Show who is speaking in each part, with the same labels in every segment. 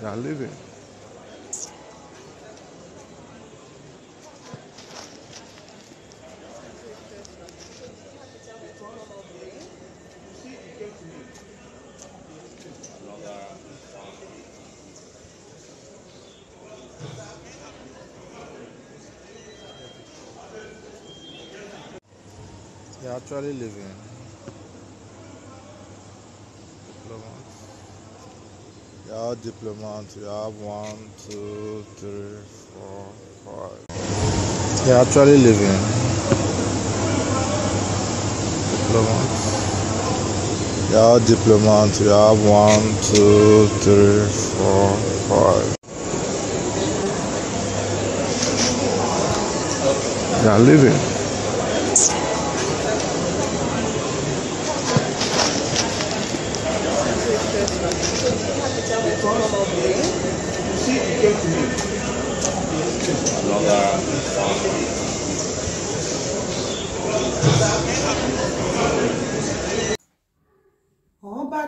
Speaker 1: that I live in. They're actually living Y'all diplomat. Y'all one, two, three, four, five. They're actually living. Diplomats. Y'all diplomat. Y'all one, two, three, four, five. They're living.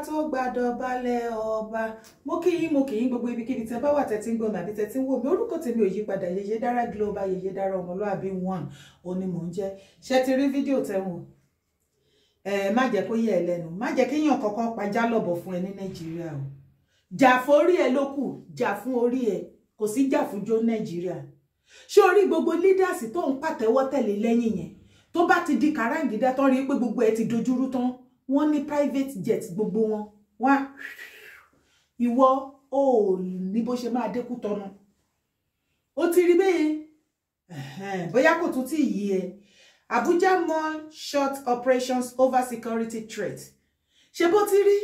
Speaker 1: tó gbàdọ̀balẹ̀ ọba mo kí yín mo kì í gbogbo ibikíbi tẹ́ bá wà tẹ́tí ń gbọ́n mi àbí tẹ́tí ń wò mí orúkọ tèmi ò yí padà yèyé dára global yèyé dára ọmọlúàbí one òní mò ń jẹ́ ṣé ti rí fídíò tẹ́wọ̀n ẹ má jẹ́ kó yẹ ẹ lẹ́nu má jẹ́ kéèyàn kọ́kọ́ pa jálọ̀bọ̀ fún ẹ ní nàìjíríà o jà fún orí ẹ ló kù jà fún orí ẹ kò sí jà fún jó nàìjíríà ṣé orí gbogbo leaders tó ń pàtẹ́wọ́ tẹ̀lé lẹ́yìn yẹn tó bá ti di kàráǹgídá tán rí pé gbogbo ẹ ti dojúrú tán wọ́n ní private jet gbogbo wọn wá ìwọ ò ní bó ṣe máa dẹ́kú tọnu ó ti rí bẹ́ẹ̀ bóyá kò tún tí yí ẹ Abuja mall short operations over security threat ṣe bó ti rí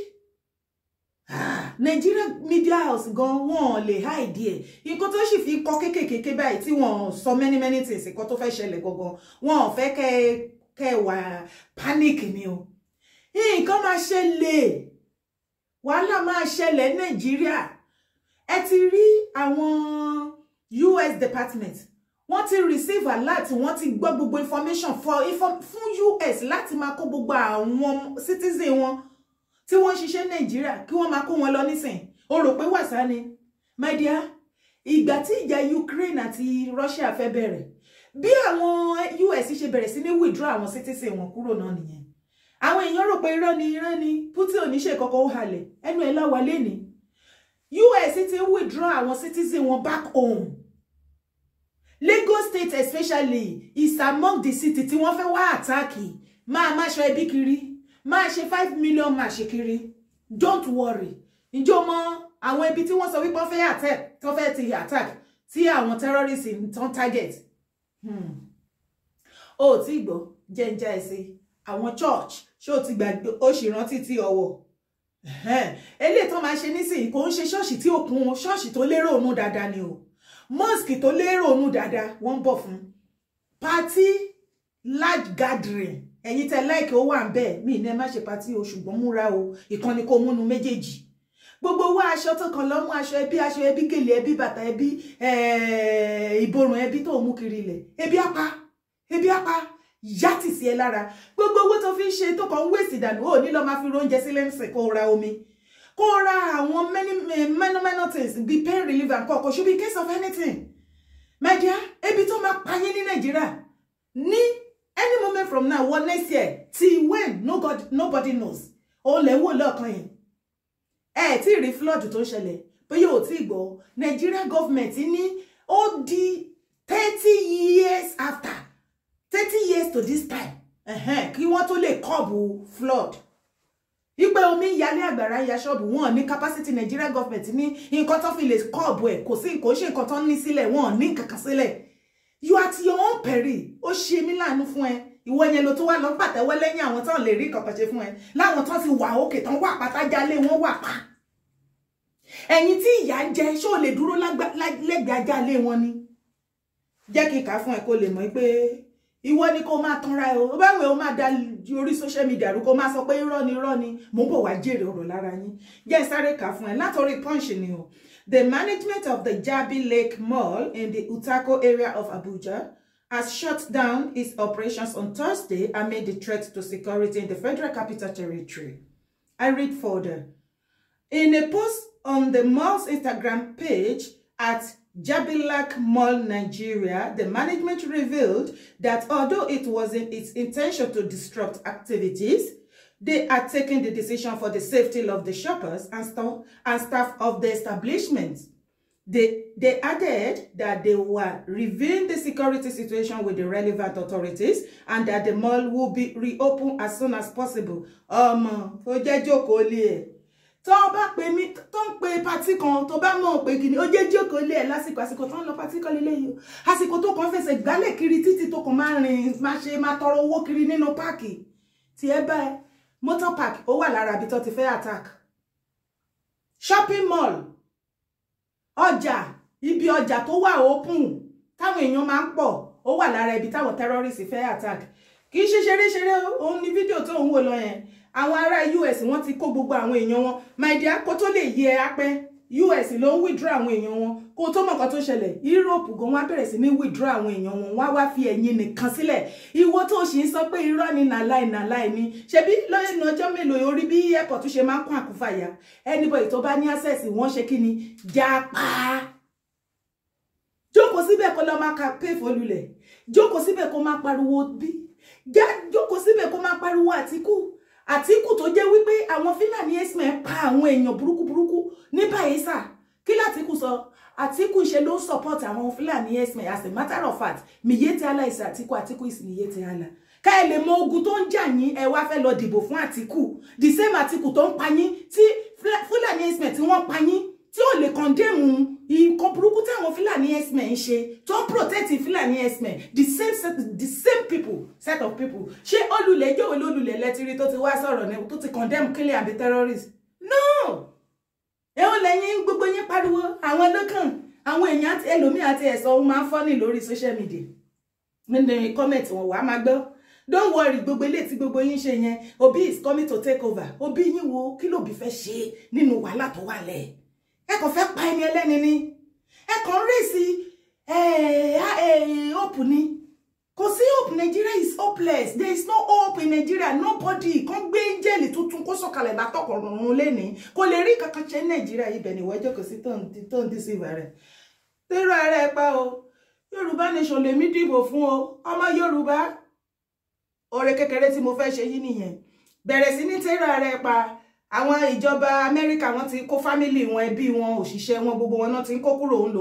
Speaker 1: ah, Nigeria media house gan wọn lè háìdí ẹ nǹkan tó sì fi kọ kékèké báyìí tí wọn sọ many many things nǹkan tó fẹ́ ṣẹlẹ̀ gangan wọn ò fẹ́ kẹ́ wà panic ni o nǹkan máa ṣẹlẹ̀ wàhálà máa ṣẹlẹ̀ nàìjíríà ẹ ti rí àwọn US department wọ́n ti receive alert wọ́n ti gbọ́ gbogbo information for fún US láti máa kó gbogbo àwọn citizen wọn tí wọ́n ṣiṣẹ́ nàìjíríà kí wọ́n máa kó wọn lọ nísìn o rò pé wàsá ni my dear ìgbà tí ìjà Ukraine àti Russia fẹ́ bẹ̀rẹ̀ bí àwọn US ṣe bẹ̀rẹ̀ sí ní withdraw àwọn citizen wọn kúrò náà nìyẹn àwọn èèyàn rò pé irọ́ ni irọ́ ni Putin ò ní ṣe kọ́kọ́ ó halẹ̀ ẹnu ẹ̀ láwa lẹ́ni US ti ń withdraw àwọn citizen wọn back home Lagos state especially is among the city tí wọ́n fẹ́ wá àtáàkì máa má ṣọ ẹbí kiri máa ṣe five million máa ṣe kiri don't worry ǹjẹ́ o mọ àwọn ibi tí wọ́n sọ wípé wọ́n fẹ́ attack tí wọ́n fẹ́ ti attack tí àwọn terrorists ń tán target. Hmm. o ò tí gbọ́ jẹ́ ń já ẹ sí àwọn church ṣé o ti gbàgbé o sì rántí ti ọ̀wọ̀ eléyìí tó máa ṣe nísìnyí kò ń ṣe ṣọ́ọ̀ṣì tí ó kún ṣọ́ọ̀ṣì tó lérò òun dáadáa ni o mosque tó lérò òun dáadáa wọ́n ń bọ̀ fún party large gathering ẹ̀yin tẹ́ láìkì ó wà ń bẹ̀ mí ní ẹ má ṣe party o ṣùgbọ́n múra o ìkànnì kò múnu méjèèjì gbogbo owó aṣọ tó kàn lọ́mú aṣọ ẹbí aṣọ ẹbí gèlè ẹbí bàtà ẹbí ìborùn ẹbí tó mú kiri ilẹ̀ ẹbí apá ẹbí apá yàtì sí ẹ lára gbogbo owó tó fi ń ṣe tó kàn ń wèsì dànù ó ní lọ máa fi róúnjẹ sílẹ̀ ń sìn kó ra omi kó ra àwọn many eh, many things bíi pain relief and kọ̀ọ̀kan ṣubi in case of anything my dear ebi tó máa payé ní nàìjíríà ní any moment from now wọ next year till when no God, nobody knows òun lè wò lọ́ọ̀kan yẹn ẹ tí rí flood tó ń ṣẹlẹ̀ bóyá ò tí ì gbọ́ Nigeria government ní ó di thirty years after to this time kí wọ́n tó lè kọ́ọ̀bù flood ipe omi ń yalé àgbàrá ya ṣọ́ọ̀bù wọn ní capacity Nigeria government ní nǹkan tó fi lè kọ́ọ̀bù ẹ̀ kò sí nǹkan ó ṣe nǹkan tó ní sílẹ̀ wọn kankan sílẹ̀ you are your own peril ó ṣe mí láàánú fún ẹ ìwọ yẹn ló tó wá lọ pàtẹ́wọ́ lẹ́yìn àwọn tó lè rí kankan ṣe fún ẹ láwọn tó ti wà òkè tán wà pátájálé wọn wà pa ẹ̀yin tí ìyà ń jẹ ṣó lè dúró lẹ́gbẹ̀ẹ́ ajálé wọn ni jẹ́ kí n kà fún ẹ kó lè mọ̀ ìwọ ni kó máa tanra ẹ o báwo ẹ o da orí social media rú kó máa sọ pé irọ́ ni irọ́ ni mò ń bọ̀ wá jèrè ọ̀rọ̀ lára yín jẹ́ sáré kà fún ẹ punch ni o the management of the Jabi Lake Mall in the Utako area of Abuja has shut down its operations on Thursday amid the threat to security in the Federal Capital Territory. I read further. In a post on the mall's Instagram page at Jabilak Mall Nigeria, the management revealed that although it wasn't its intention to disrupt activities, they are taking the decision for the safety of the shoppers and, st and staff of the establishment. They, they added that they were reviewing the security situation with the relevant authorities and that the mall will be reopened as soon as possible. Um, for tó bá pè mí tó ń pe pati kan tó bá mọ̀ pé kìíní ó jẹ́ jókòó lé ẹ̀ lásìkò àsìkò tó ń lọ pati kan lélẹ́ yìí àsìkò tó kàn fẹsẹ̀ gbálẹ̀ kiri títí tó kàn máa rìn máa ṣe máa tọrọ owó kiri nínú páàkì tí ẹ bá ẹ motor park ó wà lára ibi ti fẹ́ attack shopping mall ọjà ibi ọjà tó wà open táwọn èèyàn máa ń pọ̀ ó wà lára ibi táwọn terrorists fẹ́ attack kì í ṣe ṣeré ṣeré òun ni fídíò tó ń wò lọ yẹn àwọn ará US wọ́n ti kó gbogbo àwọn èèyàn wọn my dear kó tó lè yẹ apẹ́ US ló ń withdraw àwọn èèyàn wọn kó tó mọ̀ nǹkan tó ṣẹlẹ̀ Europe gan wá bẹ̀rẹ̀ sí ní withdraw àwọn èèyàn wọn wá wá fi ẹ̀yìn nìkan sílẹ̀ ìwọ tó sì ń sọ pé irọ́ ni nàláì nàláì ni ṣebí lọ́yìn ọjọ́ mélòó orí bí airport ṣe máa ń kún àkúfàyà anybody tó bá ní access wọ́n ṣe kí ni jápa jókòó síbẹ̀ kó lọ máa ka pay for lulẹ̀ jókòó síbẹ̀ kó máa pariwo bí jókòó síbẹ̀ kó máa pariwo Àtíkù Àtíkù tó jẹ́ wípé àwọn Fúlàní herdsmen pa àwọn èèyàn burúkú burúkú ní Bayelsa kí l'Àtíkù sọ Àtíkù ṣe ló ń support àwọn Fúlàní herdsmen as a matter of fact Miyetti Allah is Àtíkù Àtíkù is Miyetti Allah ká ẹ lè mọ ogun tó ń jà yín ẹ wá fẹ́ lọ dìbò fún Àtíkù the same Àtíkù tó ń pa yín tí Fúlàní herdsmen tí wọ́n pa yín tí ò lè condemn nǹkan burúkú táwọn fúlàní herdsmen ń ṣe tó ń protect fúlàní herdsmen the same set the same people set of people ṣé olùlẹ̀ ìjọba olùlẹ̀ lẹ́tìrí tó ti wá sọ̀rọ̀ ní tó ti condemn killing àbí terrorist no ẹ̀hún lẹ́yìn gbogbo yín pariwo àwọn lọ́kàn àwọn èèyàn ẹlòmíì àti ẹ̀sọ́ ọ̀hún máa ń fọ́nì lórí social media nínú comment wọn wàá máa gbọ́ don't worry gbogbo eléyìí tí gbogbo yín ṣe yẹn Obi is coming to take over Obi yín wo kí ló bí fẹ́ ṣe nínú wàhálà tó wà lẹ́ẹ̀ ẹ kàn fẹ́ pa ẹni ẹlẹ́ni ni ẹ kàn rí sí hope ni kò sí hope Nigeria is hopeless there is no hope in Nigeria nobody kan gbé jẹ́ẹ̀lì tuntun kó sọ̀kalẹ̀ látọ̀kọ̀ ọ̀run lẹ́ni kò lè rí kankan ṣe Nigeria ibẹ̀ ni ìwọ́jọ́ kò sí tó ń dí sí ìwà rẹ̀ tẹ́rọ ara ẹ pa o Yorùbá nation lèmi dìbò fún o ọmọ Yorùbá ọ̀rẹ́ kékeré tí mo fẹ́ ṣe yí nìyẹn bẹ̀rẹ̀ sí ní tẹ́rọ ara ẹ pa àwọn ìjọba amẹ́ríkà wọ́n ti kó fámílì wọn ẹbí wọn òṣìṣẹ́ wọn gbogbo wọn náà ti ń kó kúrò ń lò